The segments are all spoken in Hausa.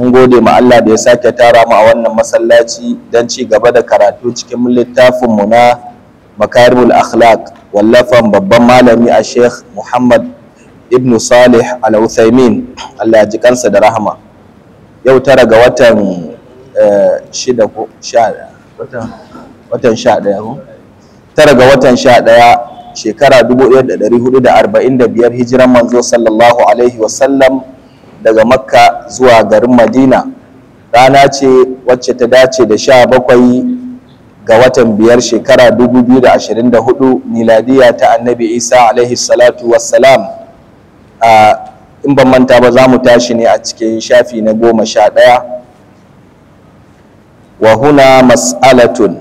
mun gode ma Allah da ya sake tara mu a wannan masallaci don ci gaba da karatu cikin littafin mu na makarimul akhlaq wallafan babban malami a Sheikh Muhammad Ibn Salih Al Uthaymin Allah ji kansa da rahama yau tara ga watan eh, shida ko sha watan sha ɗaya ko tara ga watan sha ɗaya shekara 1445 hijiran manzo sallallahu alaihi wasallam daga makka zuwa garin madina rana ce wacce ta dace da sha bakwai ga watan biyar shekara 2024 miladiya ta annabi isa alaihi salatu wassalam a in ban manta ba za mu tashi ne a cikin shafi na goma sha ɗaya wa huna mas'alatun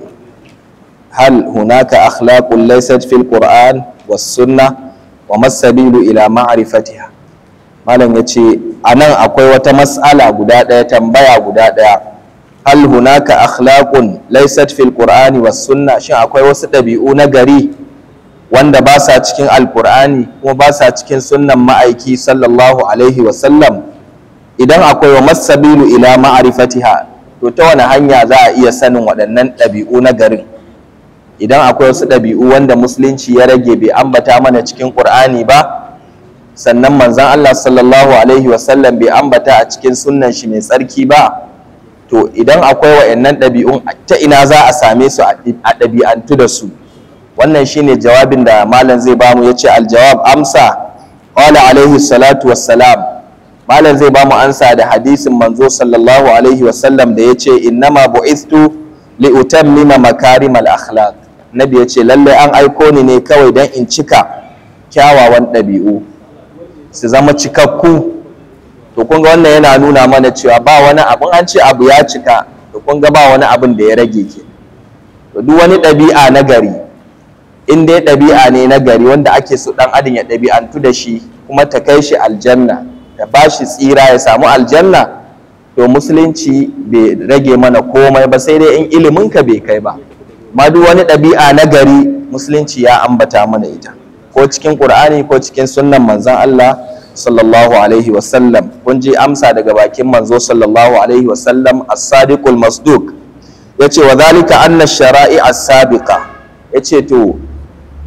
hal hunaka akhlaqun laysat fil qur'an was wa masabilu ila ma'rifatiha malam yace a nan akwai wata mas'ala guda ɗaya tambaya guda ɗaya hal hunaka akhlaqun laysat fil qur'ani was sunna shin akwai wasu ɗabi'u na gari wanda ba sa cikin Alƙur'ani kuma ba sa cikin sunnan ma'aiki sallallahu alaihi wa sallam idan akwai wa masabilu ila ma'rifatiha to ta wani hanya za a iya sanin waɗannan ɗabi'u na garin idan akwai wasu ɗabi'u wanda musulunci ya rage bai ambata mana cikin ƙur'ani ba sannan manzan Allah sallallahu alaihi wasallam bai ambata a cikin sunan shi mai tsarki ba to idan akwai wa'annan ɗabi'un ta ina za a same su a ɗabi'antu da su wannan shine jawabin da malam zai bamu ya ce aljawab amsa qala alaihi salatu wassalam malam zai ba ansa da hadisin manzo sallallahu alaihi wasallam da ya ce innama bu'istu li utammima makarimal akhlaq nabi yace ce lalle an aiko ni ne kawai dan in cika kyawawan ɗabi'u su zama cikakku to kun ga wannan yana nuna mana cewa ba wani abu an ce abu ya cika to kun ga ba wani abin da ya rage ke to duk wani ɗabi'a na gari in dai ɗabi'a ne na gari wanda ake so ɗan adam ya ɗabi'antu da shi kuma ta kai shi aljanna ta ba shi tsira ya samu aljanna to musulunci bai rage mana komai ba sai dai in iliminka bai kai ba ma duk wani ɗabi'a na gari musulunci ya ambata mana ita ko cikin ƙur'ani ko cikin sunnan manzon Allah sallallahu alaihi wasallam kun ji amsa daga bakin manzo sallallahu alaihi wasallam as-sadiqul masduq yace wa zalika anna shara'i as-sabiqa yace to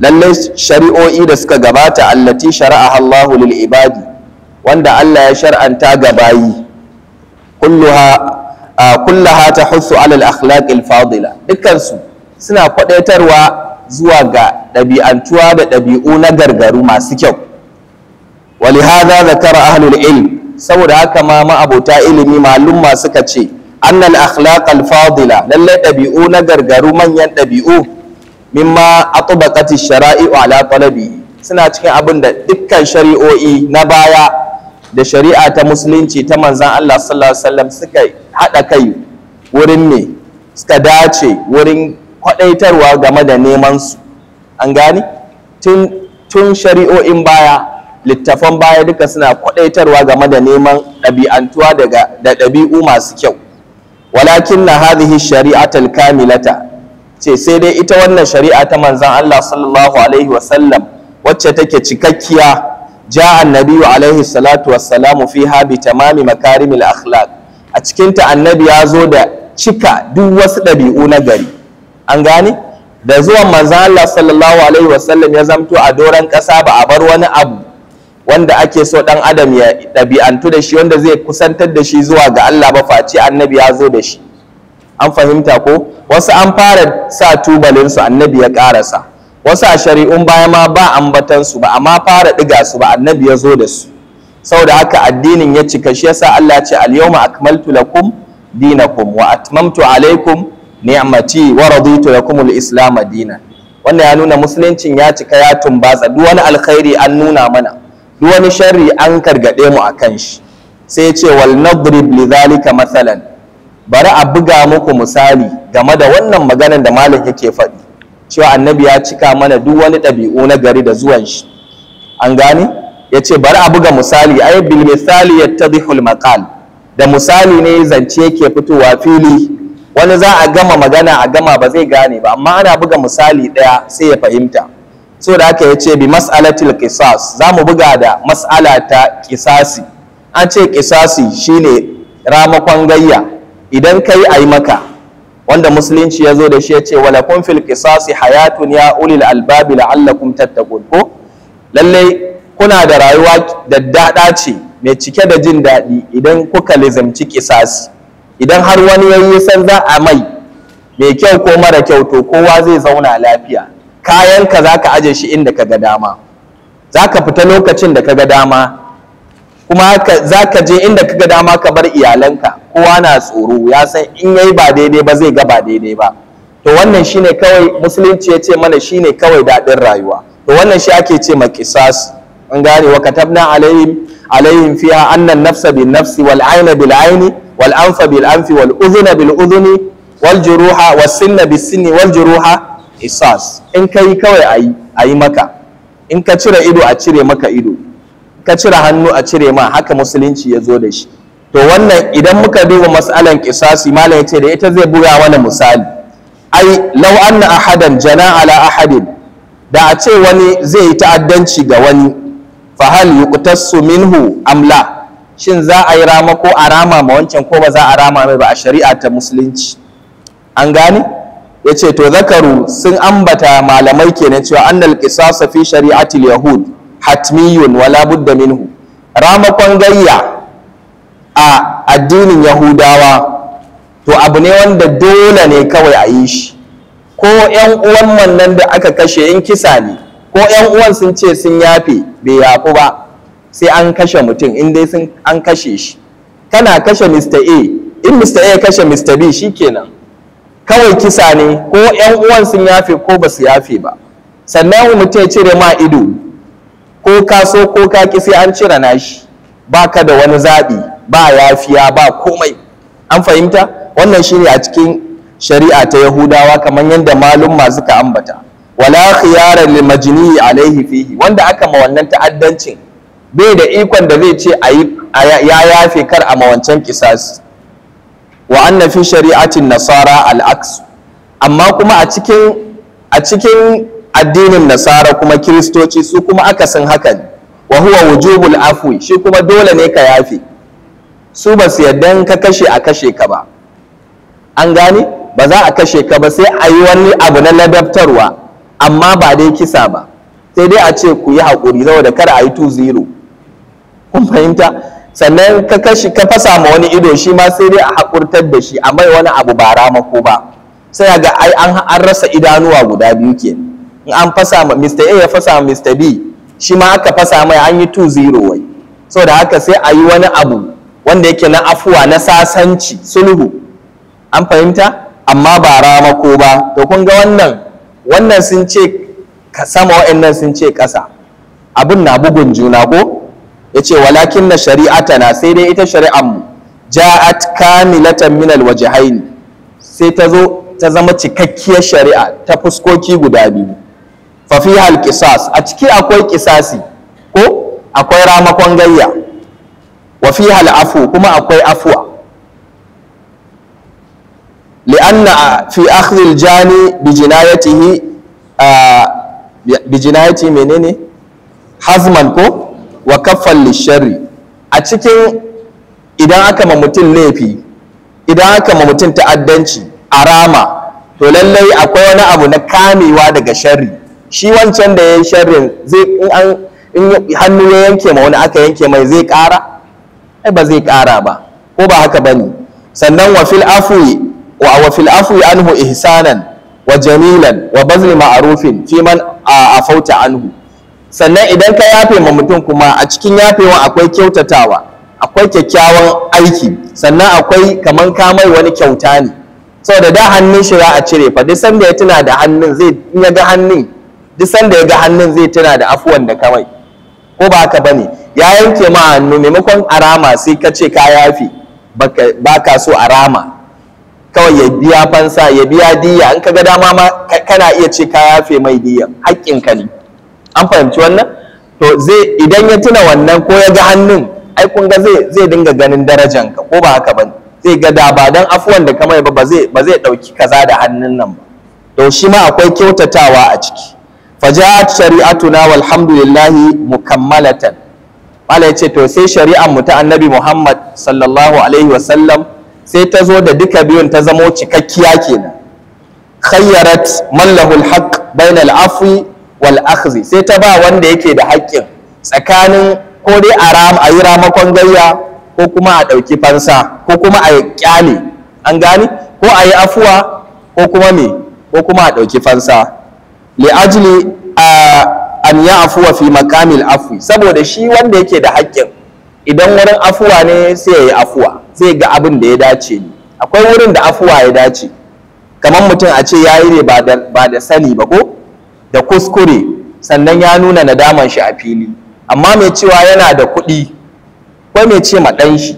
lalle shari'o'i da suka gabata allati shari'a Allahu lil ibadi wanda Allah ya shar'anta ga bayi kulluha kullaha tahussu ala al-akhlaq al-fadila dukkan su suna kwadaitarwa zuwa ga ɗabi'antuwa da ɗabi'u na gargaru masu kyau walihada zakara ahlul ilm saboda haka ma maabuta ilimi malumma suka ce annal akhlaq al fadila lallai ɗabi'u na gargaru manyan ɗabi'u mimma atbaqati shara'i'u ala talabi suna cikin abin da dukkan shari'o'i na baya da shari'a ta musulunci ta manzan Allah sallallahu alaihi wasallam suka haɗa kai wurin ne suka dace wurin kwadaitarwa game da neman su an gani? tun shari'o'in baya littafan baya duka suna kwadaitarwa game da neman ɗabi'antuwa daga da ɗabi'u masu kyau walakin na hadhihi shari'a kamilata ce sai dai ita wannan shari'a ta manzon Allah sallallahu alaihi wasallam wacce take cikakkiya ja annabi alaihi salatu wassalamu fiha bi tamami makarimil akhlaq a cikinta annabi ya zo da cika duk wasu ɗabi'u na gari an gane da zuwan manzo Allah sallallahu alaihi wasallam ya zamto a doron ƙasa ba a bar wani abu wanda ake so dan adam ya ɗabi'antu da shi wanda zai kusantar da shi zuwa ga Allah ba face annabi ya zo da shi an fahimta ko wasu an fara sa tubalinsu annabi ya ƙarasa wasu a shari'un baya ma ba ambatansu ba amma fara ɗiga su ba annabi ya zo da su saboda haka addinin ya cika shi yasa Allah ce al-yawma akmaltu lakum dinakum wa atmamtu alaikum ni'mati wa raditu al islam dinan wannan ya nuna musuluncin ya cika ya tumbatsa duk wani alkhairi an nuna mana duk wani sharri an kargade mu akan shi sai ce wal nadrib zalika mathalan bari a buga muku misali game da wannan maganar da malam yake faɗi cewa annabi ya cika mana duk wani ɗabi'u na gari da zuwan shi an gane ya ce bari a buga misali ai bil misali yattadihul maqal da misali ne zance yake fitowa fili wani za a gama magana a gama ba zai gane ba amma ana buga misali ɗaya sai ya fahimta so da haka ya ce bi mas'alatil qisas za mu buga da mas'ala ta qisasi an ce qisasi shine ramakon gayya idan kai ayi maka wanda musulunci ya zo da shi ya ce wala kun fil qisasi hayatun ya ulil albabi la'allakum tattaqun ko lalle kuna da rayuwa da dada ce mai cike da jin daɗi idan kuka lizamci qisasi idan har wani ya yi san za a mai mai kyau ko mara kyau to kowa zai zauna lafiya kayanka za ka aje shi inda ka ga dama za ka fita lokacin da ka ga dama kuma za ka je inda ka ga dama ka bar iyalanka kowa na tsoro ya san in yayi ba daidai ba zai ga ba daidai ba to wannan shine kawai musulunci ya ce mana shine kawai daɗin rayuwa to wannan shi ake ce ma kisas an gane wa katabna alaihim alaihim fiha annan nafsa bin nafsi wal aina Wal'amfa bil'amfi, bil anfi wal udhuna bil udhuni isas in yi kawai ayi maka in ka cire ido a cire maka ido ka cire hannu a cire ma haka musulunci ya zo da shi to wannan idan muka duba matsalan kisasi malam ya ce da ita zai buga wani misali ai law anna ahadan jana ala ahadin da a ce wani zai yi ta'addanci ga wani fahal yuqtassu minhu amla shin za a yi rama ko a rama ma wancan ko ba za a rama mai ba a shari'a ta musulunci an gane ya ce to zakaru sun ambata malamai ke na cewa annal qisasa fi shari'atil yahud hatmiyun wala budda minhu ramakon gayya a addinin yahudawa to abu ne wanda dole ne kawai a yi shi ko yan uwan nan da aka kashe in kisa ne ko yan uwan sun ce sun yafe bai yafu ba sai an kashe mutum in dai sun an kashe shi kana kashe Mr. A in Mr. A ya kashe Mr. B shikenan kawai kisa ne ko ƴan uwan sun yafe ko ba su yafe ba sannan mutum ya cire ma ido ko ka so ko ka ki sai an cire nashi ba ka da wani zaɓi ba yafiya ba komai an fahimta wannan shine a cikin shari'a ta yahudawa kamar yadda malum suka ambata wala khiyaran majni alaihi fihi wanda aka ma wannan ta'addancin bai da ikon da zai ce ya yafe kar a mawancan kisasi wa anna fi shari'atin nasara al'aksu amma kuma a cikin a cikin addinin nasara kuma kiristoci su kuma akasin haka ne wa huwa wujubul afwi shi kuma dole ne ka yafe su ba su yarda ka kashe a kashe ka ba an gane ba za a kashe ka ba sai a yi wani abu na ladabtarwa amma ba dai kisa ba sai dai a ce ku yi haƙuri saboda kar a yi 2-0 kun fahimta sannan ka kashi ka fasa ma wani ido shi ma sai dai a hakurtar da shi a mai wani abu ba rama ko ba sai ga ai an rasa idanuwa guda biyu ke in an fasa ma Mr. A ya fasa ma Mr. B shi ma aka fasa mai an yi 2-0 wai saboda haka sai a yi wani abu wanda yake na afuwa na sasanci sulhu an fahimta amma ba rama ko ba to kun ga wannan wannan sun ce sama wa'annan sun ce ƙasa abin na bugun juna ko Ya ce, walakin na tana, sai dai ita shari'ar mu ja'at kamilatan min haini sai ta zo ta zama cikakkiyar shari'a ta fuskoki guda biyu fa hal a ciki akwai kisasi ko akwai ramakon gayya wa hal afu kuma akwai afwa لأن في أخذ الجاني بجنايته بجنايته منين حزما كو wa kafan lishari a cikin idan aka ma mutum laifi idan aka ma mutum ta'addanci a rama to lallai akwai wani abu na kamewa daga shari. shi wancan da ya yi sharrin zai in hannu ya yanke ma wani aka yanke mai zai ƙara ai ba zai ƙara ba ko ba haka bane sannan wa fil afwi fil afwi anhu ihsanan wa jamilan wa bazli ma'rufin fi man afauta anhu sannan idan ka yafe ma mutum kuma a cikin yafewa akwai kyautatawa akwai kyakkyawan aiki sannan akwai kaman mai wani kyauta ne Sau da da, hannun shi za a cire fa duk sanda ya tuna da hannun zai in ya ga hannun duk sanda ya ga hannun zai tuna da afuwan da kamai ko ba haka bane ya yanke ma hannu maimakon arama sai ka ce ka yafe ba ka so arama kawai ya biya fansa ya biya diya An ka ga dama ma kana iya ce ka yafe mai diya haƙƙinka ne an fahimci wannan to zai idan ya tuna wannan ko ya ga hannun ai kun ga zai zai dinga ganin darajan ka ko ba haka ba zai ga da ba dan afuwan da kamar ba ba zai ba zai dauki kaza da hannun nan ba to shi ma akwai kyautatawa a ciki fajat shari'atuna walhamdulillahi mukammalatan mala yace to sai shari'an mu ta annabi Muhammad sallallahu alaihi wa sallam, sai ta zo da duka biyun ta zamo cikakkiya kenan khayyarat man lahu alhaq bainal afwi wal akhzi sai ta ba wanda yake da haƙƙin tsakanin ko dai a ram a yi ramakon gayya ko kuma a ɗauki fansa ko kuma a ƙyale an gani ko a yi afuwa ko kuma me ko kuma a ɗauki fansa li ajli an ya afuwa fi makamil afwi saboda shi wanda yake da haƙƙin idan wurin afuwa ne sai ya yi afuwa zai ga abin da ya dace ne akwai wurin da afuwa ya dace kamar mutum a ce ya yi ne ba da sani ba ko da kuskure sannan ya nuna nadaman shi a fili amma mai cewa yana da kuɗi ko mai ce ma ɗan shi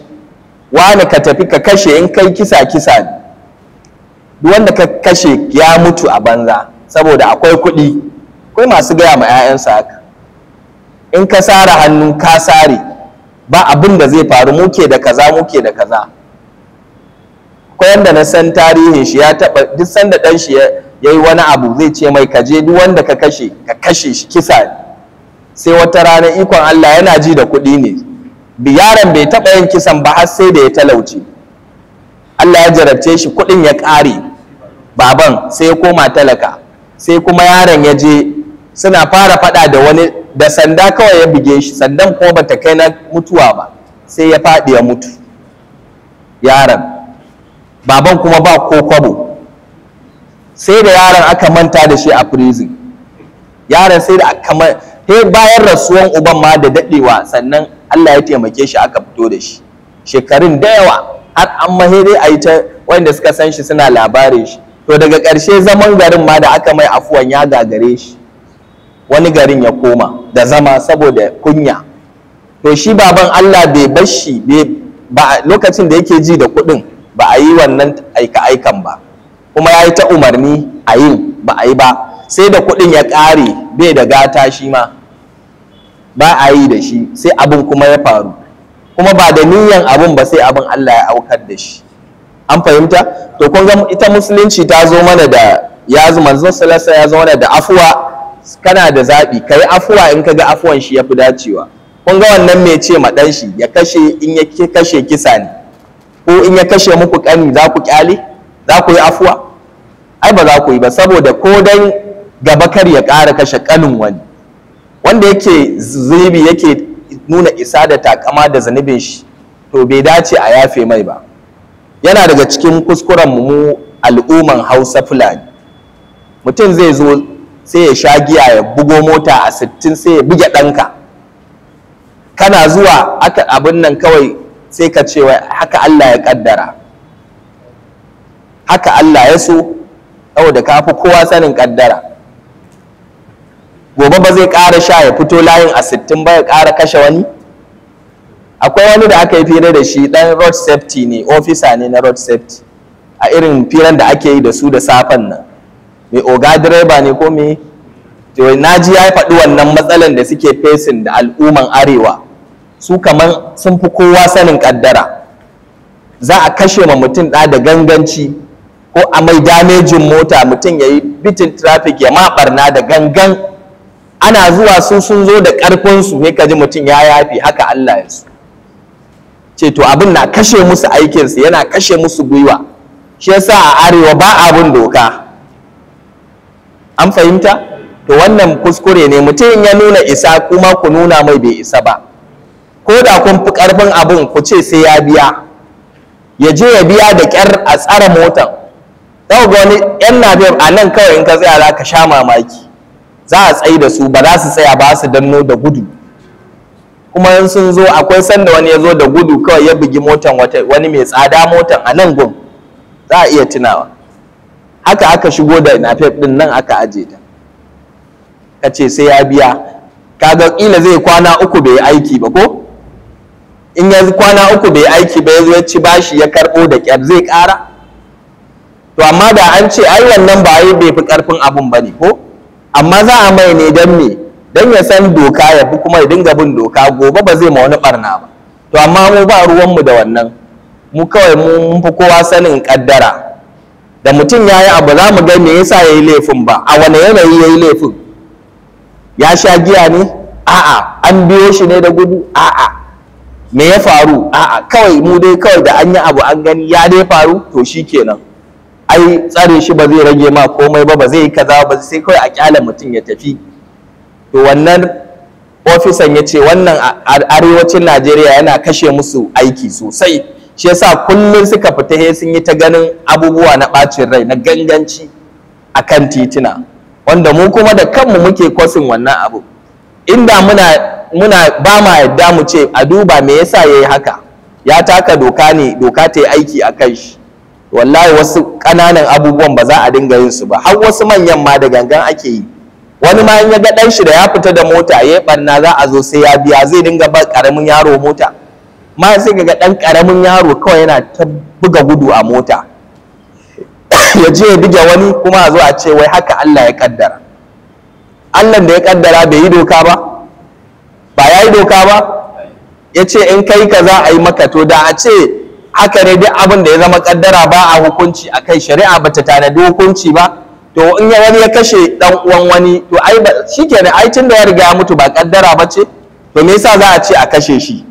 wani ka tafi ka kashe in kai kisa kisa wanda ka kashe ya mutu a banza saboda akwai kuɗi akwai masu gaya ma 'ya'yansa haka in ka sare hannu ka sare ba abin da zai faru muke da kaza muke da kaza akwai wanda na san tarihin shi ya taɓa duk sanda ɗan shi Ya yi wani abu zai ce mai kaje duk wanda ka kashe ka kashe shi kisa sai wata rana ikon Allah yana ji da kuɗi ne biyaran bai taɓa yin kisan ba har sai da ya talauce Allah ya jarabce shi kuɗin ya ƙare baban sai ya koma talaka sai kuma yaron ya je suna fara faɗa da wani da sanda kawai ya buge shi sandan ko ba ta kai na mutuwa ba sai ya faɗi ya mutu yaron baban kuma ba ko kwabo sai da yaron aka manta da shi a prison yaron sai da aka sai bayan rasuwan uban ma da dadewa sannan Allah ya taimake shi aka fito da shi shekarun da yawa har an dai a yi ta wanda suka san shi suna labarin shi to daga ƙarshe zaman garin ma da aka mai afuwan ya gagare shi wani garin ya koma da zama saboda kunya to shi baban Allah bai bar shi ba lokacin da yake ji da kuɗin ba a yi wannan aika-aikan ba kuma ya yi ta umarni a yi ba a yi ba sai da kuɗin ya ƙare bai da gata shi ma ba a yi da shi sai abin kuma ya faru kuma ba da niyan abin ba sai abin Allah ya aukar da shi an fahimta to kun ga ita musulunci ta zo mana da ya zo manzon salasa ya zo mana da afuwa kana da zaɓi ka yi afuwa in ka ga afuwan shi ya fi dacewa kun ga wannan mai ce ma ɗan shi ya kashe in ya kashe kisa ne ko in ya kashe muku ƙani za ku ƙyale za ku yi afuwa ai ba za ku yi ba saboda ko dan gaba kar ya ƙara kashe kanin wani wanda yake zunubi yake nuna isa da takama da zunubin shi to bai dace a yafe mai ba yana daga cikin kuskuren mu al'umman hausa fulani mutum zai zo sai ya sha giya ya bugo mota a sittin sai ya buge ɗanka kana zuwa aka abin nan kawai sai ka ce wai haka Allah ya kaddara haka Allah ya so saboda ka fi kowa sanin kaddara gobe ba zai ƙara sha ya fito layin a sittin ba ya ƙara kashe wani akwai wani da aka yi fira da shi ɗan road safety ne ofisa ne na road safety a irin firan da ake yi da su da safen nan mai oga direba ne ko mai naji ya faɗi wannan matsalan da suke fesin da al'umman arewa su kamar sun fi kowa sanin kaddara za a kashe ma mutum ɗa da ganganci ko a mai damejin mota mutum ya yi bitin traffic ya maɓarna da gangan ana zuwa su sun zo da ƙarfinsu ne ka ji mutum ya yafi haka Allah ya su ce to abin na kashe musu aikinsu yana kashe musu gwiwa shi yasa a arewa ba abin doka an fahimta to wannan kuskure ne mutum ya nuna isa kuma ku nuna mai bai isa ba ko da kun fi ƙarfin abin ku ce sai ya biya ya je ya biya da ƙyar a tsara motan za ga wani yan nabiya a nan kawai in ka tsaya za ka sha mamaki za a tsayi da su ba za su tsaya ba su danno da gudu kuma in sun zo akwai sanda wani ya zo da gudu kawai ya bugi motan wani mai tsada motan a nan gun za a iya tunawa haka aka shigo da nafef din nan aka aje ta ka ce sai ya biya kaga kila zai kwana uku bai aiki ba ko in ya kwana uku bai aiki ba ya ya ci bashi ya karɓo da kyar zai ƙara to amma da an ce ai wannan ba yi bai fi karfin abun bane ko amma za a mai ne dan me dan ya san doka ya fi kuma ya dinga bin doka gobe ba zai ma wani barna ba to amma mu ba ruwan mu da wannan mu kawai mun fi kowa sanin kaddara da mutum ya yi abu za mu ga me yasa ya yi laifin ba a wane yanayi ya yi laifin ya sha giya ne a'a an biyo shi ne da gudu a'a me ya faru a'a kawai mu dai kawai da an yi abu an gani ya dai faru to shikenan kenan ai tsare shi ba zai rage ma komai ba ba zai yi kaza ba sai kawai a kyala mutum ya tafi to wannan ofisan ya ce wannan arewacin najeriya yana kashe musu aiki sosai shi yasa kullum suka fita he sun yi ta ganin abubuwa na bacin rai na ganganci a kan titina wanda mu kuma da kanmu muke kwasin wannan abu inda muna muna ba ma yadda mu ce a duba me yasa yayi haka ya taka doka ne doka ta yi aiki a kan shi wallahi wasu kananan abubuwan ba za a dinga yin su ba har wasu manyan ma da gangan ake yi wani ma in ya ga ɗan shi da ya fita da mota ya barna za a zo sai ya biya zai dinga ba ƙaramin yaro mota ma sai ga ɗan ƙaramin yaro kawai yana ta buga gudu a mota ya je ya buge wani kuma a zo a ce wai haka Allah ya kaddara Allah da ya kaddara bai yi doka ba ba ya yi doka ba ya ce in kai za a yi maka to da a ce haka ne duk abin da ya zama kaddara ba a hukunci a kai shari'a bata tanadi hukunci ba to in ya wani ya kashe dan uwan wani to ai shikenan ai tun da ya riga ya mutu ba kaddara ba ce to me yasa za a ce a kashe shi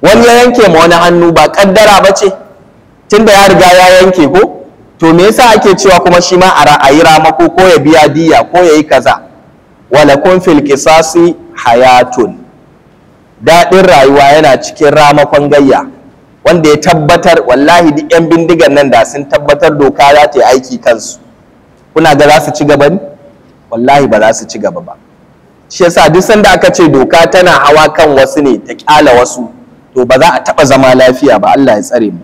wani ya yanke ma wani hannu ba kaddara ba ce tun da ya riga ya yanke ko to me yasa ake cewa kuma shi ma a ra'ayi ramako ko ya biya diya ko ya yi kaza walakun fil qisasi hayatun daɗin rayuwa yana cikin ramakon gayya wanda ya tabbatar wallahi duk 'yan bindigan nan da sun tabbatar doka za ta yi aiki kansu kuna ga za su ci gaba ne wallahi ba za su ci gaba ba shi yasa duk sanda aka ce doka tana hawa kan wasu ne ta kyala wasu to ba za a taba zama lafiya ba Allah ya tsare mu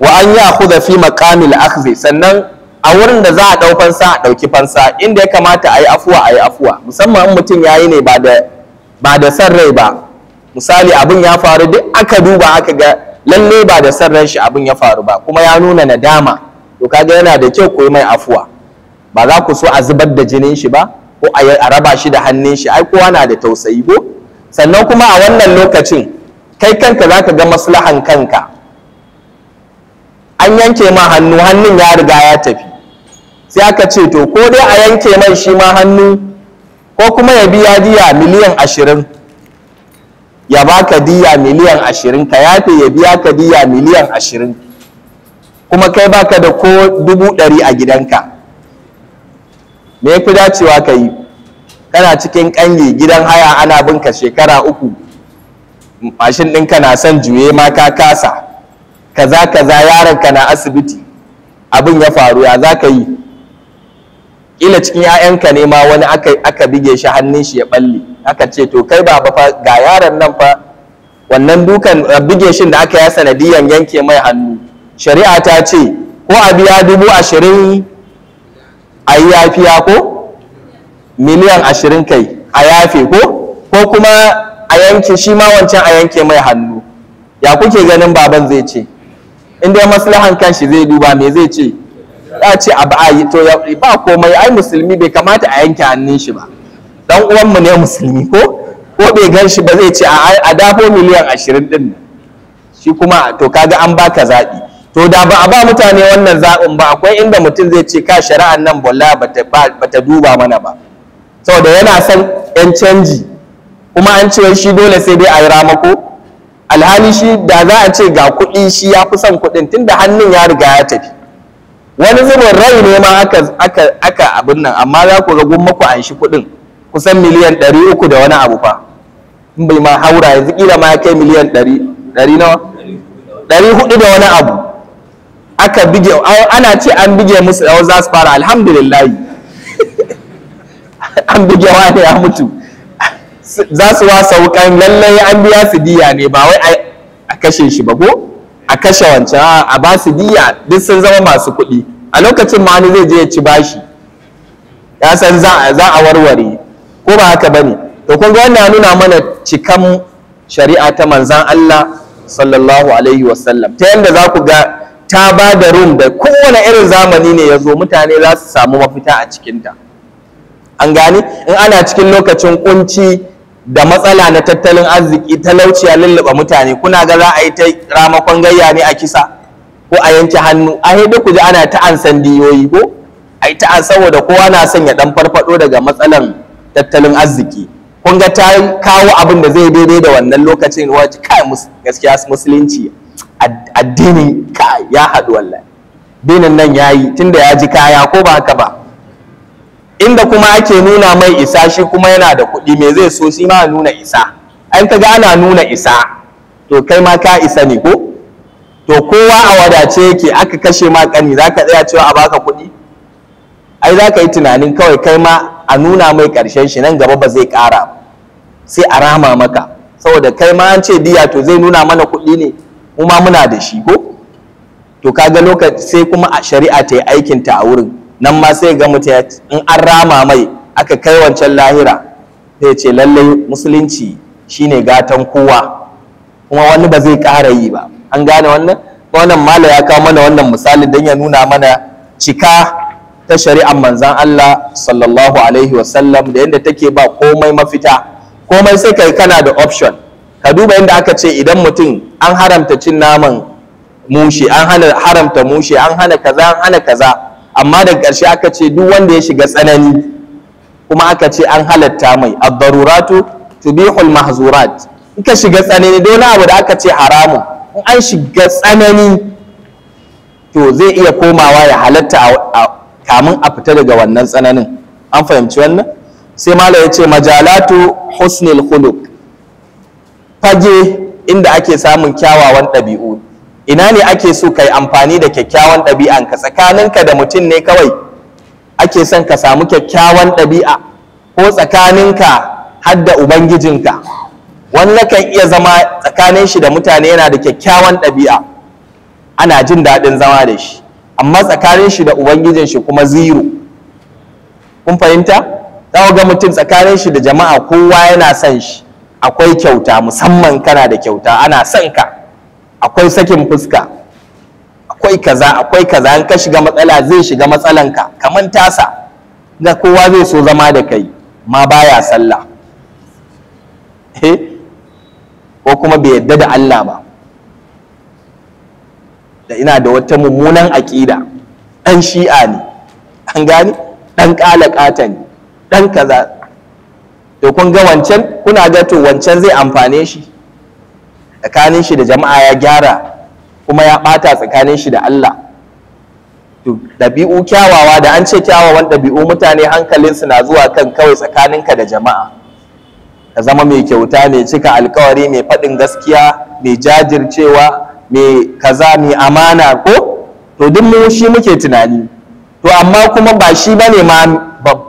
wa an ya khudha fi maqamil akhzi sannan a wurin da za a dau fansa a dauki fansa inda ya kamata a yi afuwa a yi afuwa musamman in mutum ya yi ne ba da ba da san rai ba misali abin ya faru duk aka duba aka ga lalle ba da san ran shi abin ya faru ba kuma ya nuna nadama to kaga yana da kyau yi mai afuwa ba za ku so a zubar da jinin shi ba ko a raba shi da hannun shi ai kowa na da tausayi ko sannan kuma a wannan lokacin kai kanka za ka ga maslahan kanka an yanke ma hannu hannun ya riga ya tafi sai aka ce to ko dai a yanke mai shi ma hannu ko kuma ya biya diya miliyan ashirin ya baka diya miliyan ashirin ka yafe ya biya ka diya miliyan ashirin kuma kai baka da ko dubu ɗari a gidanka me ya fi dacewa ka yi kana cikin ƙanye gidan haya ana binka shekara uku mashin ɗinka na son juye ma ka kasa kaza kaza yaranka na asibiti abin ya faru ya za ka yi kila cikin 'ya'yanka ne ma wani aka bige shi hannun shi ya balle aka ce to kai baba fa ga yaron nan fa wannan dukan bige shin da aka ya sanadiyan yanke mai hannu shari'a ta ce ko a biya dubu ashirin a yafiya ko miliyan ashirin kai a yafe ko ko kuma a yanke shi ma wancan a yanke mai hannu ya kuke ganin baban zai ce in dai maslahan kanshi zai duba me zai ce a ce a a yi to ba komai ai musulmi bai kamata a yanke hannun shi ba dan uwanmu ne musulmi ko ko bai gan shi ba zai ce a dafo miliyan ashirin din shi kuma to kaga an baka zaɓi to da ba a ba mutane wannan zaɓin ba akwai inda mutum zai ce ka shari'an nan bolla ba ta duba mana ba saboda yana son yan canji kuma an ce shi dole sai dai a yi ramako alhali shi da za a ce ga kuɗi shi ya fi son kuɗin tunda hannun ya riga ya tafi wani zubin rai ne ma aka abin nan amma za ku ragu gumma ku an shi kuɗin kusan miliyan ɗari uku da wani abu fa in bai ma haura yanzu kila ma ya kai miliyan ɗari ɗari nawa ɗari hudu da wani abu aka bige ana ce an bige musu da za su fara alhamdulillahi an bige wa ne ya mutu za su wasa wukan lallai an biya su diya ne ba wai a kashe shi ba ko a kashe wancan a ba su diya duk sun zama masu kuɗi a lokacin ma wani zai je ya ci bashi ya san za a warware ko ba haka bane to kun ga wannan nuna mana cikan shari'a ta manzan Allah sallallahu alaihi wasallam ta yanda za ku ga ta ba da rum da kowane irin zamani ne ya zo mutane za su samu mafita a cikinta an gane in ana cikin lokacin kunci da matsala na tattalin arziki talauci ya lullaba mutane kuna ga za a yi ta ramakon gayya ne a kisa ko a yanke hannu a haidu ku ji ana ta an sandiyoyi ko a yi ta saboda kowa na son ya dan farfado daga matsalan tattalin arziki kun ga ta kawo abin da zai daidai da wannan lokacin wace kai gaskiya musulunci addini ya haɗu wallahi dinin nan yayi tunda ya ji kaya ko ba haka ba inda kuma ake nuna mai isa shi kuma yana da kuɗi me zai so shi ma nuna isa an kaga ana nuna isa to kai ma ka isa ne ko to kowa a wadace yake aka kashe ma kani zaka tsaya cewa a baka kuɗi ai za yi tunanin kawai kai ma a nuna mai ƙarshen shi nan gaba ba zai ƙara sai a rama maka saboda kai ma an ce diya to zai nuna mana kuɗi ne kuma muna da shi ko to kaga lokaci sai kuma a shari'a ta yi aikinta a wurin nan ma sai ga mutum in an rama mai aka kai wancan lahira sai ce lallai musulunci shine gatan kowa kuma wani ba zai ƙara yi ba an gane wannan wannan mala ya kawo mana wannan misali don ya nuna mana cika ta shari'ar manzan Allah sallallahu alaihi wasallam da yadda take ba komai mafita komai sai kai kana da option ka duba yadda aka ce idan mutum an haramta cin naman mushi an haramta mushi an hana kaza an hana kaza amma da ƙarshe aka ce duk wanda ya shiga tsanani kuma aka ce an halatta mai Abbaruratu daruratu tubihul mahzurat in ka shiga tsanani don abu da aka ce haramun in an shiga tsanani to zai iya komawa ya halatta kamun a fita daga wannan tsananin an fahimci wannan sai mala ya ce majalatu husnil khuluq fage inda ake samun kyawawan ɗabi'u ina ne ake so ka yi amfani da kyakkyawan ɗabi'anka tsakaninka da mutum ne kawai ake son ka samu kyakkyawan ɗabi'a ko tsakaninka har da ubangijinka wani kan iya zama tsakanin shi da mutane yana da kyakkyawan ɗabi'a ana jin daɗin zama da shi amma tsakanin shi da ubangijin shi kuma ziro, kun fahimta za ga mutum tsakanin shi da jama'a kowa yana son shi akwai kyauta musamman kana da kyauta ana son ka akwai sakin fuska akwai kaza akwai kaza in ka shiga matsala zai shiga matsalanka kaman tasa ga kowa zai so zama da kai ma baya sallah eh? ko kuma bai yadda da Allah ba da ina da wata mummunan aƙida ɗan shi'a ne an gani ɗan ƙalaƙata ne ɗan kaza to kun ga wancan kuna ga to wancan zai amfane shi tsakanin shi da jama'a ya gyara kuma ya ɓata tsakanin shi da Allah to dabi'u kyawawa da an ce kyawawan dabi'u, mutane hankalinsu na zuwa kan kawai tsakaninka da jama'a ka zama mai kyauta mai cika alkawari mai faɗin gaskiya mai jajircewa mai kaza mai amana ko to duk mu shi muke tunani to amma kuma ba shi bane ma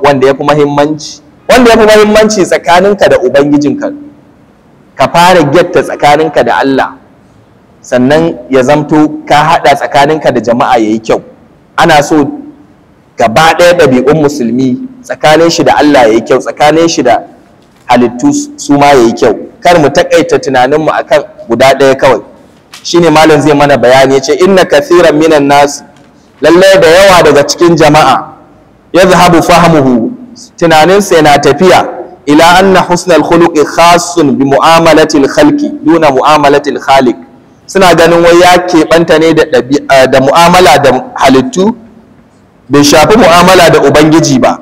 wanda ya fi muhimmanci wanda ya fi muhimmanci tsakaninka da ubangijinka ka fara gyatta tsakaninka da Allah sannan ya zamto ka haɗa tsakaninka da jama'a ya yi kyau ana so gaba ɗaya ɗabi'un musulmi tsakanin shi da Allah ya yi kyau tsakanin shi da halittu su ma ya yi kyau kar mu taƙaita tunaninmu akan guda ɗaya kawai shine malam zai mana bayani ya ce inna kathiran minan nasu lallai da yawa daga cikin jama'a ya zahabu fahamuhu tunaninsa yana tafiya ila anna husnal khuluqi khasun bi mu'amalatil khalqi duna mu'amalatil khaliq suna ganin wai ya keɓanta ne da eh, mu'amala da halittu bai shafi mu'amala da ubangiji ba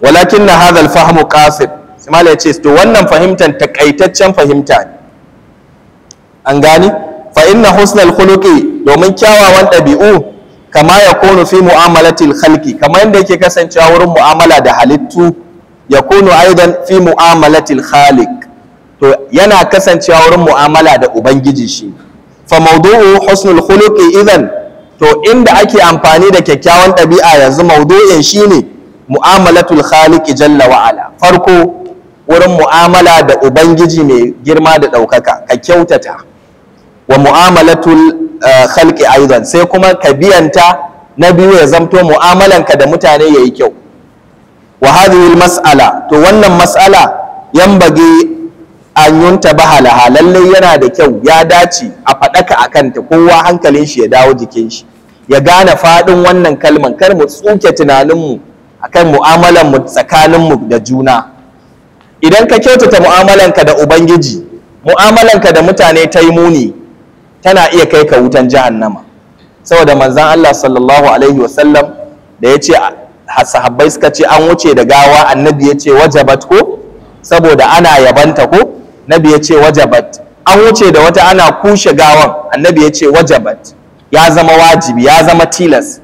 walakin na hadal fahimu kafir ismail ya ce to wannan fahimtar takaitaccen fahimta ne an gani fa inna husnal khuluqi domin kyawawan ɗabi'u kama ya fi mu'amalatil khalqi kamar yadda yake kasancewa wurin mu'amala da halittu Ya yakunu aidan fi mu'amalatil khaliq to yana kasancewa wurin mu'amala da ubangiji shi fa mawdu'u husnul khuluqi idan to inda ake amfani da kyakkyawan ɗabi'a yanzu mawdu'in shine mu'amalatul khaliqi jalla wa ala farko wurin mu'amala da ubangiji mai girma da ɗaukaka ka kyautata wa mu'amalatul eh, khalqi aidan sai kuma ka biyanta na biyu ya zamto mu'amalanka da mutane yayi kyau wa hadhihi mas'ala to wannan mas'ala yambage an yunta bahalaha lalle yana da kyau ya dace a faɗaka akanta, kowa hankalin shi ya dawo jikin shi ya gane faɗin wannan kalman kar mu tsuke tunaninmu akan mu'amalan mu tsakaninmu da juna idan ka kyautata mu'amalanka da ubangiji mu'amalanka da mutane ta yi muni tana iya kai ka wutan jahannama saboda manzan Allah sallallahu alaihi wasallam da ya ce sahabbai suka ce an wuce da gawa annabi ya ce wajabat ko saboda ana yabanta ko nabi ya ce wajabat an wuce da wata ana kushe gawan annabi ya ce wajabat ya zama wajibi ya zama tilas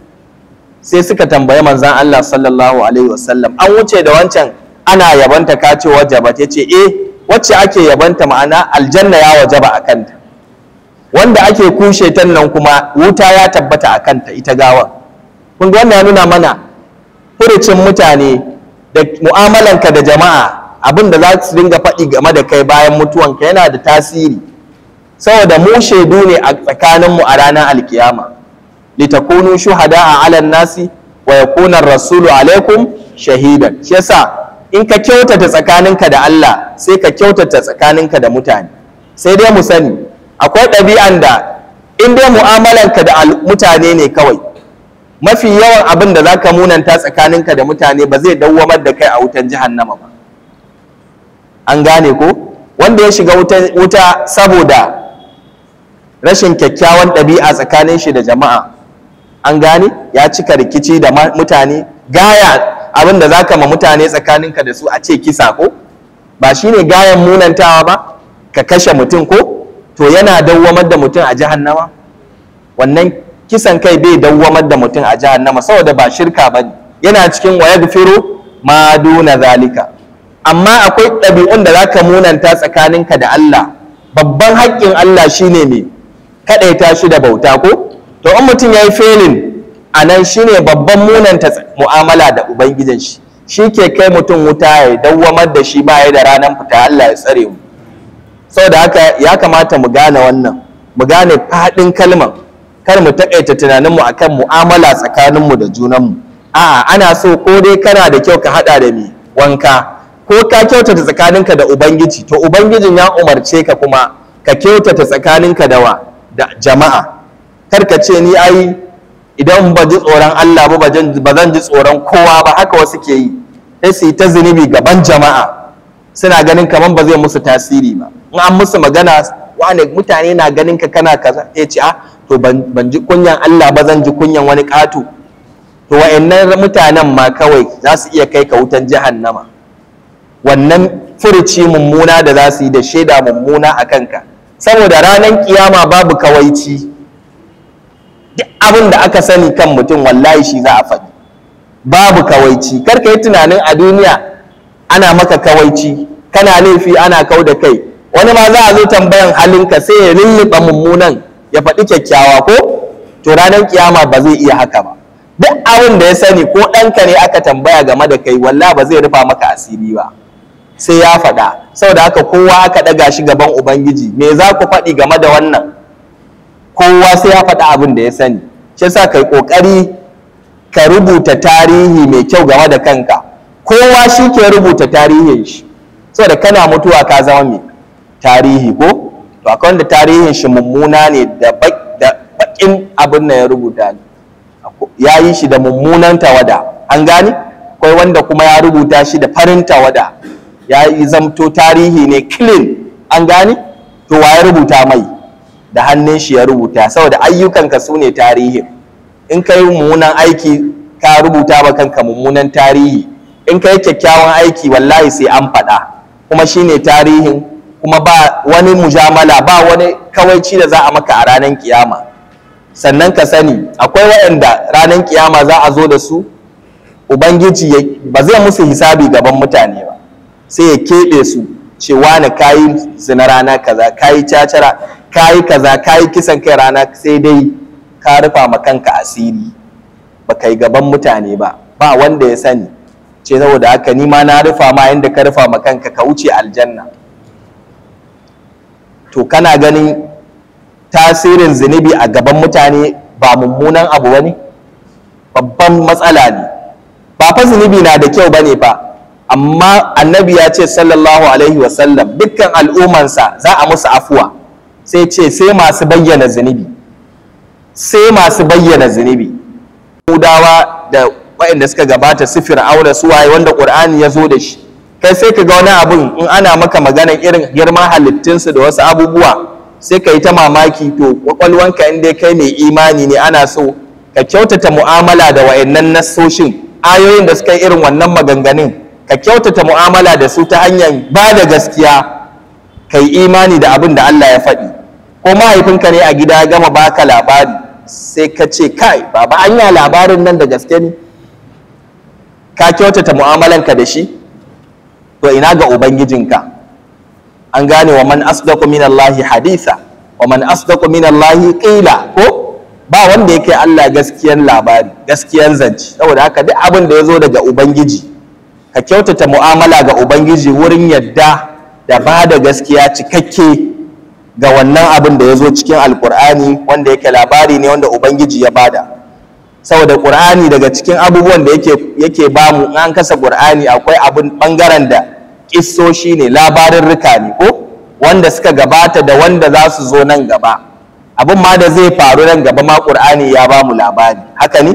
sai suka tambayi manzan Allah sallallahu alaihi wasallam an wuce da wancan ana yabanta ka ce wajabat ya ce eh wacce ake yabanta ma'ana aljanna ya wajaba a kanta wanda ake kushe ta nan kuma wuta ya tabbata a kanta ita gawan kun ga wannan ya nuna mana furucin mutane da mu'amalanka da jama'a abin da za su dinga faɗi game da kai bayan mutuwanka yana da tasiri saboda mu shaidu ne a tsakaninmu a ranar alkiyama litakunu a 'alan nasi wa yakuna rasulu alaikum shahidan shi yasa in ka kyautata tsakaninka da Allah sai ka kyautata tsakaninka da mutane sai dai mu sani akwai ɗabi'an da in dai mu'amalanka da mutane ne kawai mafi yawan abin da za ka munanta tsakaninka da mutane ba zai dawwamar da kai a wutan jahannama ba an gane ko wanda ya shiga wuta saboda rashin kyakkyawan ɗabi'a tsakanin shi da jama'a an gane ya cika rikici da mutane gaya abin da za ka ma mutane tsakaninka da su a ce kisa ko ba shi ne gayan munantawa ba ka kashe mutum ko to yana dawwamar da mutum a jahannama wannan kisan kai bai dawwamar da mutum a jahannama saboda ba shirka ba yana cikin wayar firo ma duna zalika amma akwai ɗabi'un da za ka munanta tsakaninka da Allah babban haƙƙin Allah shine me kaɗaita shi da bauta ko to in mutum ya yayi felin anan shine babban munanta mu'amala da ubangijin shi shi ke kai mutum wuta ya dawwamar da shi baya da ranar fita Allah ya tsare mu saboda haka ya kamata mu gane wannan mu gane faɗin kalmar kar mu takaita tunaninmu akan mu'amala tsakaninmu da junanmu a'a ana so ko dai kana da kyau ka haɗa da mai wanka ko ka kyautata tsakaninka da ubangiji to ubangijin ya umarce ka kuma ka kyautata tsakaninka da wa da jama'a kar ka ce ni ai idan ba ji tsoron Allah ba ba zan ji tsoron kowa ba haka wasu ke yi sai su yi ta zunubi gaban jama'a suna ganin kaman ba zai musu tasiri ba in an musu magana wane mutane na ganin ka kana kaza ya ce a ah, to ban ji kunyan Allah ba zan ji kunyan wani ƙato to wa'annan mutanen ma kawai za su iya kai ka wutan jahannama wannan furuci mummuna da za su yi da shaida mummuna a kanka saboda ranar kiyama babu kawaici duk abin da aka sani kan mutum wallahi shi za a faɗi babu kawaici kar ka yi tunanin a duniya ana maka kawaici kana laifi ana kau da kai wani ma za a zo tambayan halinka sai ya lulluɓa mummunan ya faɗi kyakkyawa ko to ranar kiyama ba zai iya haka ba duk abin da ya sani ko ɗanka ne aka tambaya game da kai walla ba zai rufa maka asiri ba sai ya faɗa saboda haka kowa aka ɗaga shi gaban ubangiji me za ku faɗi game da wannan kowa sai ya faɗi abin da ya sani shi yasa kai ƙoƙari ka rubuta tarihi mai kyau game da kanka kowa shi ke rubuta tarihin shi saboda kana mutuwa ka zama mai tarihi ko to akwai wanda tarihin shi mummuna ne da bakin abin nan ya rubuta ya yi shi da mummunan tawada an gane akwai wanda kuma ya rubuta shi da farin tawada ya yi zamto tarihi ne clean an gane to wa ya rubuta mai da hannun shi ya rubuta saboda ayyukanka su ne tarihin in ka yi mummunan aiki ka rubuta ba kanka mummunan tarihi in ka yi kyakkyawan aiki wallahi sai an faɗa kuma shine tarihin kuma ba wani mujamala ba wani kawaici da za a maka a ranar kiyama sannan ka sani akwai waɗanda ranar kiyama za a zo da su ubangiji ba zai musu hisabi gaban mutane ba sai ya keɓe su cewa na kayi zina rana kaza kayi cacara kayi kaza kayi kisan kai rana sai dai ka rufa ma kanka asiri ba kai gaban mutane ba ba wanda ya sani ce saboda haka ni ma na rufa ma yanda ka rufa ma kanka ka wuce aljanna to kana ganin tasirin zunubi a gaban mutane ba mummunan abu ba ne babban matsala ne ba fa zunubi na da kyau ba ne ba amma annabi ya ce sallallahu alaihi wasallam dukkan al'ummansa za a musu afuwa sai ce sai masu bayyana zunubi sai masu bayyana zunubi mudawa da waɗanda suka gabata su fir'auna su waye wanda ƙur'ani ya zo da shi kai sai ka ga wani abun in ana maka maganan irin girman halittunsu da wasu abubuwa sai ka yi ta mamaki to kwakwalwanka inda dai kai mai imani ne ana so ka kyautata mu'amala da wa'annan nassoshin ayoyin da suka yi irin wannan maganganun ka kyautata mu'amala da su ta hanyar ba da gaskiya ka yi imani da abin da Allah ya faɗi ko mahaifinka ne a gida gama baka labari sai ka ce kai baba an labarin nan da gaske ne ka kyautata mu'amalanka da shi to ina ga ubangijinka an gane wa man asdaqu minallahi haditha wa man asdaqu minallahi qila ko ba wanda yake Allah gaskiyan labari gaskiyan zance saboda haka duk abin da yazo daga ubangiji ka kyautata mu'amala ga ubangiji wurin yadda da ba da gaskiya cikakke ga wannan abin da yazo cikin alkur'ani wanda yake labari ne wanda ubangiji ya bada saboda ƙur'ani daga cikin abubuwan da yake ba mu an kasa ƙur'ani akwai abin ɓangaren da ƙissoshi ne labarin rika ne ko wanda suka gabata da wanda za su zo nan gaba abin ma da zai faru nan gaba ma ƙur'ani ya ba mu labari haka ne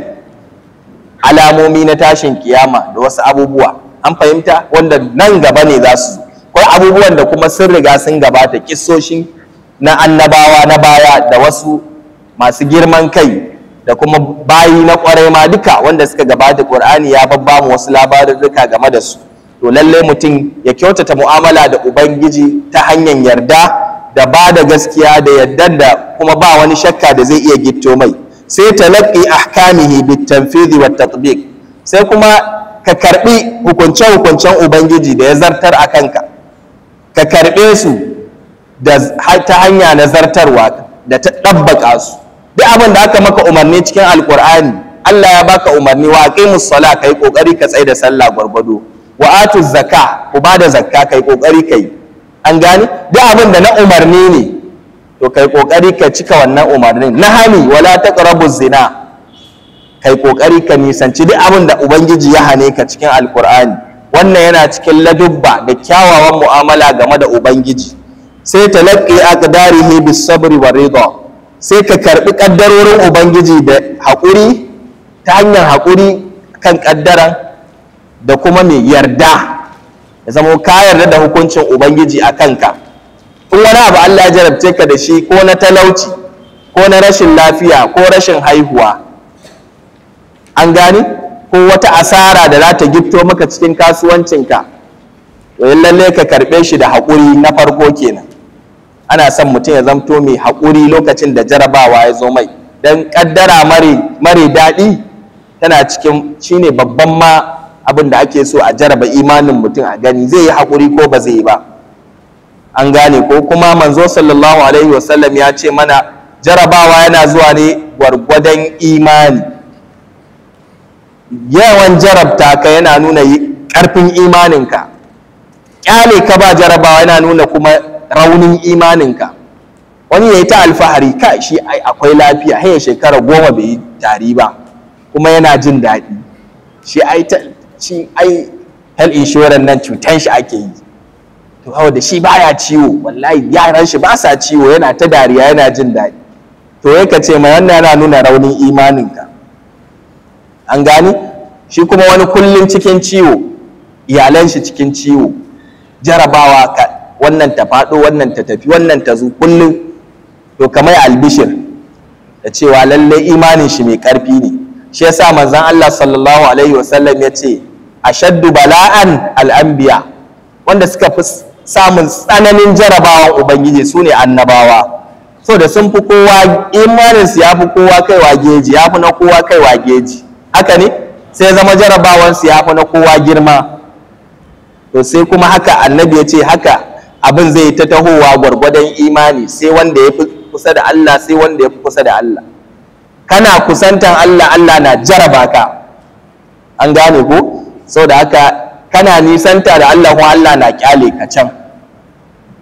alamomi na tashin kiyama da wasu abubuwa an fahimta wanda nan gaba ne za su zo Akwai abubuwan da kuma sun riga sun gabata ƙissoshin na annabawa na baya da wasu masu girman kai da kuma bayi na kwarai ma duka wanda suka gabata qur'ani ya babba mu wasu labarurruka game da su to lallai mutum ya kyautata mu'amala da ubangiji ta hanyar yarda da ba da gaskiya da yardar da kuma ba wani shakka da zai iya gitto mai sai talaqi ahkamihi bitanfidhi wa tatbiq sai kuma ka karɓi hukunce hukuncen ubangiji da ya zartar a kanka ka karɓe su da ta hanya na zartarwa da ta ɗabbaka su abin da aka maka umarni cikin alkur'ani Allah ya baka umarni wa aqimus sala kai kokari ka tsaya da sallah gwargwado wa atu zakka ku bada zakka kai kokari kai an gane duk abin da na umarni ne to kai kokari ka cika wannan umarnin na hani wala taqrabu zina kai kokari ka nisanci duk abin da ubangiji ya hane ka cikin alkur'ani wannan yana cikin ladubba da kyawawan mu'amala game da ubangiji sai talaqqi aqdarihi bis sabri wa ridha sai ka karbi kaddarorin ubangiji da haƙuri ta hanyar haƙuri kan kaddara da kuma mai yarda ya zama ka yarda da hukuncin ubangiji a kanka in wani abu Allah ya jarabce ka da shi ko na talauci ko na rashin lafiya ko rashin haihuwa an gani ko wata asara da za ta gifto maka cikin kasuwancinka Wai lalle ka karbe shi da haƙuri na farko kenan ana son mutum ya zamto mai haƙuri lokacin da jarabawa ya zo mai don ƙaddara mare daɗi tana cikin shine babban ma abin da ake so a jaraba imanin mutum a gani zai yi haƙuri ko ba zai yi ba an gane ko kuma manzo sallallahu alaihi wasallam ya ce mana jarabawa yana zuwa ne gwargwadon imani yawan jarabta ka yana nuna ƙarfin imaninka ƙyale ka ba jarabawa yana nuna kuma raunin imaninka wani ya yi ta alfahari ka shi akwai lafiya hanyar shekara goma bai yi tari ba kuma yana jin daɗi shi ai shi ai health insurance nan cutan shi ake yi to hawa da shi baya ciwo wallahi yaran shi ba sa ciwo yana ta dariya yana jin daɗi to ya ka ce ma wannan yana nuna raunin imaninka an gane shi kuma wani kullum cikin ciwo iyalan shi cikin ciwo jarabawa ka wannan ta faɗo wannan ta tafi wannan ta zo kullum to kamar albishir da cewa lallai imanin shi mai ƙarfi ne shi yasa manzon Allah sallallahu alaihi wasallam ya ce ashaddu bala'an al'anbiya wanda suka fi samun tsananin jarabawan ubangiji su ne annabawa so da sun fi kowa imaninsu ya fi kowa kaiwa geji ya fi na kowa kaiwa geji haka ne sai zama su ya fi na kowa girma to sai kuma haka annabi ya ce haka abin zai ta tahowa gwargwadon imani sai wanda ya fi kusa da Allah sai wanda ya fi kusa da Allah kana kusantan Allah Allah na jaraba ka an gane ko saboda haka kana nisanta da Allah kuma Allah na kyale ka can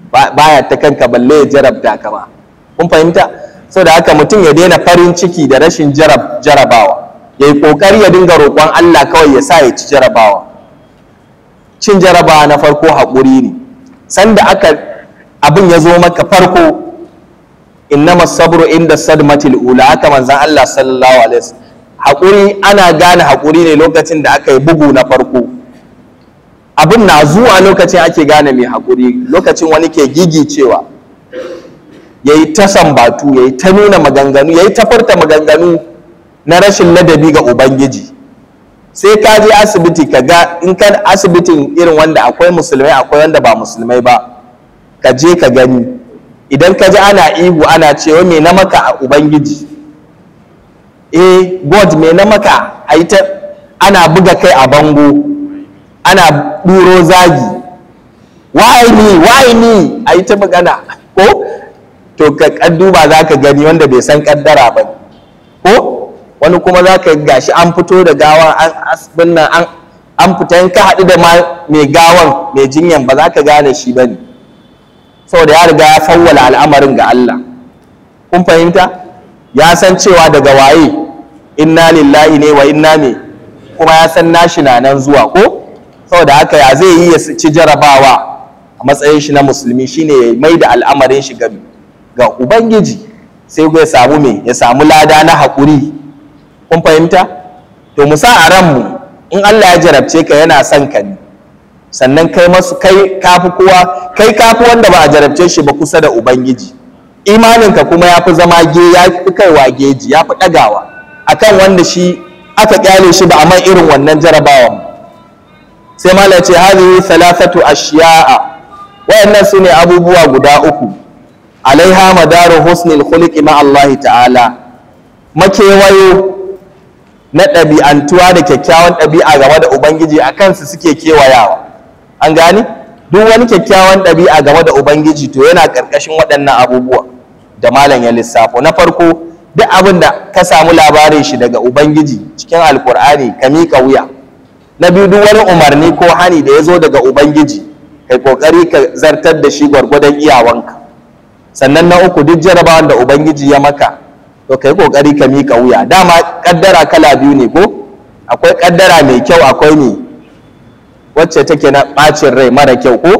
baya ta kanka balle ya jarabta ka ba kun fahimta saboda haka mutum ya daina farin ciki da rashin jarab jarabawa ya yi kokari ya dinga roƙon Allah kawai ya sa ya ci jarabawa cin jarabawa na farko haƙuri ne sanda aka abin ya zo maka farko innama sabru inda sadmatil ula haka manzan Allah sallallahu alaihi wasallam hakuri ana gane hakuri ne lokacin da aka yi bugu na farko abin na zuwa lokacin ake gane mai hakuri lokacin wani ke gigi cewa yayi ta sambatu yayi ta nuna maganganu yayi ta furta maganganu na rashin ladabi ga ubangiji sai ka je asibiti ka ga in kan asibitin irin wanda akwai musulmai akwai wanda ba musulmai ba ka je ka gani idan ka ji ana ihu ana cewa me na maka a ubangiji eh god me na maka a ta ana buga kai a bango ana duro zagi why me why me a ta magana ko to ka ba za ka gani wanda bai san kaddara ba ko wani kuma za ka gashi an fito da gawa an asibin an an fita in ka haɗu da ma mai gawan mai jinyan ba za ka gane shi ba ne saboda ya riga ya fawwala al'amarin ga Allah kun fahimta ya san cewa daga waye inna lillahi ne wa inna ne kuma ya san nashi na nan zuwa ko saboda haka ya zai yi ya ci jarabawa a matsayin shi na musulmi shine ya mai da al'amarin shi ga ubangiji sai ya samu ya samu lada na haƙuri kun fahimta to mu sa a mu. in Allah ya jarabce ka yana son ka ne sannan kai masu kai kafi kowa kai kafi wanda ba a jarabce shi ba kusa da ubangiji Imanin ka kuma ya fi zama ge ya fi kaiwa geji ya fi ɗagawa akan wanda shi aka kyale shi ba a man irin wannan jarabawan sai Malam ce hadhihi thalathatu ashiya'a wayannan sune abubuwa guda uku alaiha madaru husnil khuluqi ma Allah ta'ala makewayo na ɗabi'antuwa da kyakkyawan ɗabi'a game da ubangiji a kansu suke kewayawa an gani duk wani kyakkyawan ɗabi'a game da ubangiji to yana ƙarƙashin waɗannan abubuwa da malam ya lissafo na farko duk abin da ka samu labarin shi daga ubangiji cikin Alƙur'ani ka miƙa wuya na biyu duk wani umarni ko hani da ya zo daga ubangiji kai ƙoƙari ka zartar da shi gwargwadon iyawanka sannan na uku duk jarabawan da ubangiji ya maka to kai ƙoƙari ka miƙa wuya dama kaddara kala biyu ne ko akwai kaddara mai kyau akwai ne wacce take na bacin rai mara kyau ko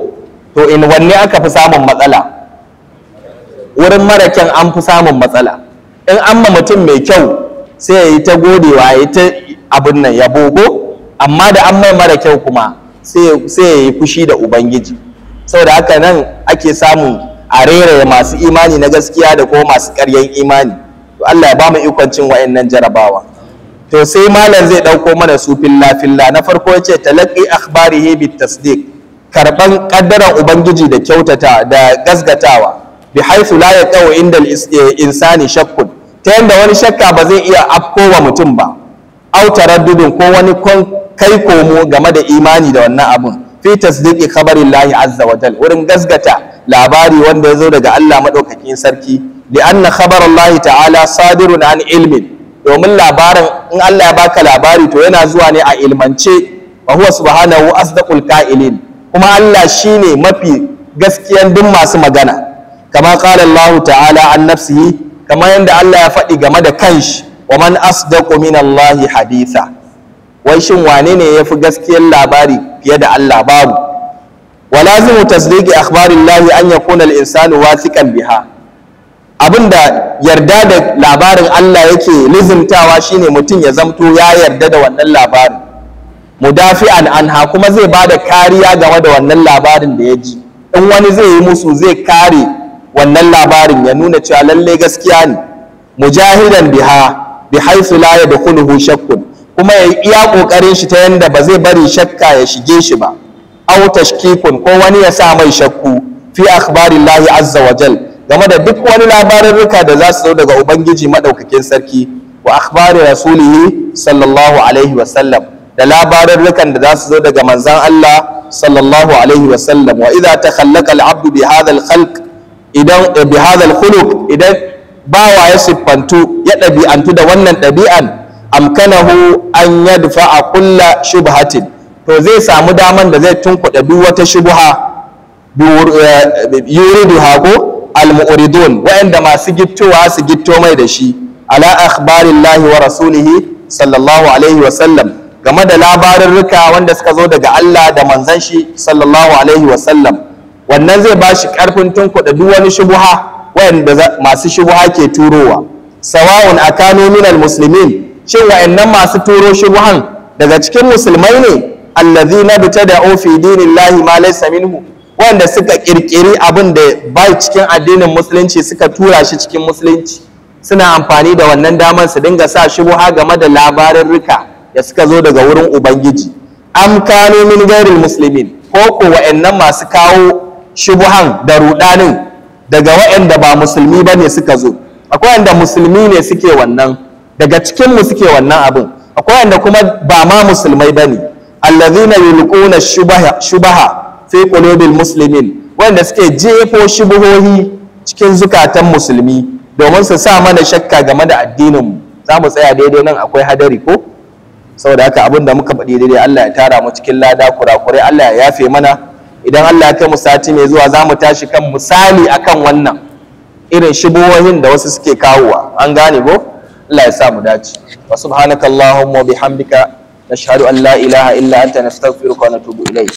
to in wanne aka fi samun matsala wurin mara kyau an fi samun matsala in an ma mutum mai kyau sai ya yi ta godewa ya yi ta abin nan ya bogo amma da an mai mara kyau kuma sai ya yi fushi da ubangiji saboda haka nan ake samun a rera masu imani na gaskiya da kuma masu karyan imani Allah ya ba mu ikon cin wa'annan jarabawa to sai malam zai dauko mana su filla filla na farko yace talaqi akhbarihi bit tasdiq karban kaddaran ubangiji da kyautata da gasgatawa bi haythu la yaqau inda insani shakkun ta yanda wani shakka ba zai iya wa mutum ba au taraddudin ko wani kai komo game da imani da wannan abun fi tasdiqi Kabarillahi, azza wa jal wurin gasgata labari wanda ya zo daga Allah maɗaukakin sarki da anna Allah ta'ala sadirun an ilmin domin labarin in Allah ya baka labari to yana zuwa ne a ilmance wa huwa subhanahu asdaqul qa'ilin kuma Allah shine mafi gaskiyan duk masu magana kama qala Allah ta'ala an nafsihi kama yanda Allah ya faɗi game da kanshi wa man asdaqu min Allah haditha wai shin wane ne yafi gaskiyan labari fiye da Allah babu ولازم تصديق اخبار الله ان يكون الانسان insanu بها abinda yarda da labarin Allah yake lizimtawa shine mutum ya zamto ya yarda da wannan labarin mudafi'an anha kuma zai bada kariya game da wannan labarin da ya ji in wani zai yi musu zai kare wannan labarin ya nuna cewa lalle gaskiya ne mujahidan biha bi haythu la yadkhuluhu shakkun kuma ya iya kokarin shi ta yanda ba zai bari shakka ya shige shi ba aw tashkikun ko wani ya sa mai shakku fi akhbarillahi azza wa jal game da duk wani labarurruka da za su zo daga ubangiji madaukakin sarki wa akhbari rasulihi sallallahu alaihi wa sallam da labarurrukan da za su zo daga manzan Allah sallallahu alaihi wa sallam wa idza takhallaqa al-abdu bi hadha al-khalq idan eh, bi hadha al-khuluq idan bawa ya siffantu ya ɗabi'antu da wannan ɗabi'an amkanahu an yadfa'a kulla shubhatin to zai samu daman da zai tunkuɗa duk wata shubuha eh, yuridu hako al-mu'ridun wa'anda masu gittowa su gitto mai da shi ala akhbarillahi wa rasulihi sallallahu alaihi wa sallam game da labarurruka wanda suka zo daga Allah da manzon shi sallallahu alaihi wa sallam wannan zai ba shi karfin tunkuɗa duk wani shubuha wa'anda masu shubuha ke turowa sawawun akanu minal muslimin shin wa'annan masu turo shubuhan daga cikin musulmai ne na allazina bitada'u fi dinillahi ma laysa minhu wanda suka kirkiri abin da bai cikin addinin musulunci suka tura shi cikin musulunci suna amfani da wannan damar su dinga sa buha game da labarin rika da suka zo daga wurin ubangiji am kanu min ghairil muslimin ko ko wa'annan masu kawo shubuhan da rudanin daga wa'anda ba musulmi bane suka zo akwai wanda musulmi ne suke wannan daga cikin suke wannan abin akwai wanda kuma ba ma musulmai bane alladhina yulquna shubaha shubaha fi qulubil muslimin wanda suke jefo shubuhohi cikin zukatan musulmi domin su sa mana shakka game da addinin za mu tsaya daidai nan akwai hadari ko saboda haka abin da muka faɗi daidai Allah ya tara mu cikin lada kurakurai Allah ya yafe mana idan Allah ya kai mu sati mai zuwa za mu tashi kan misali akan wannan irin shubuhohin da wasu suke kawowa an gane ko Allah ya sa mu dace wa subhanakallahumma wa bihamdika نشهد أن لا إله إلا أنت نستغفرك ونتوب إليك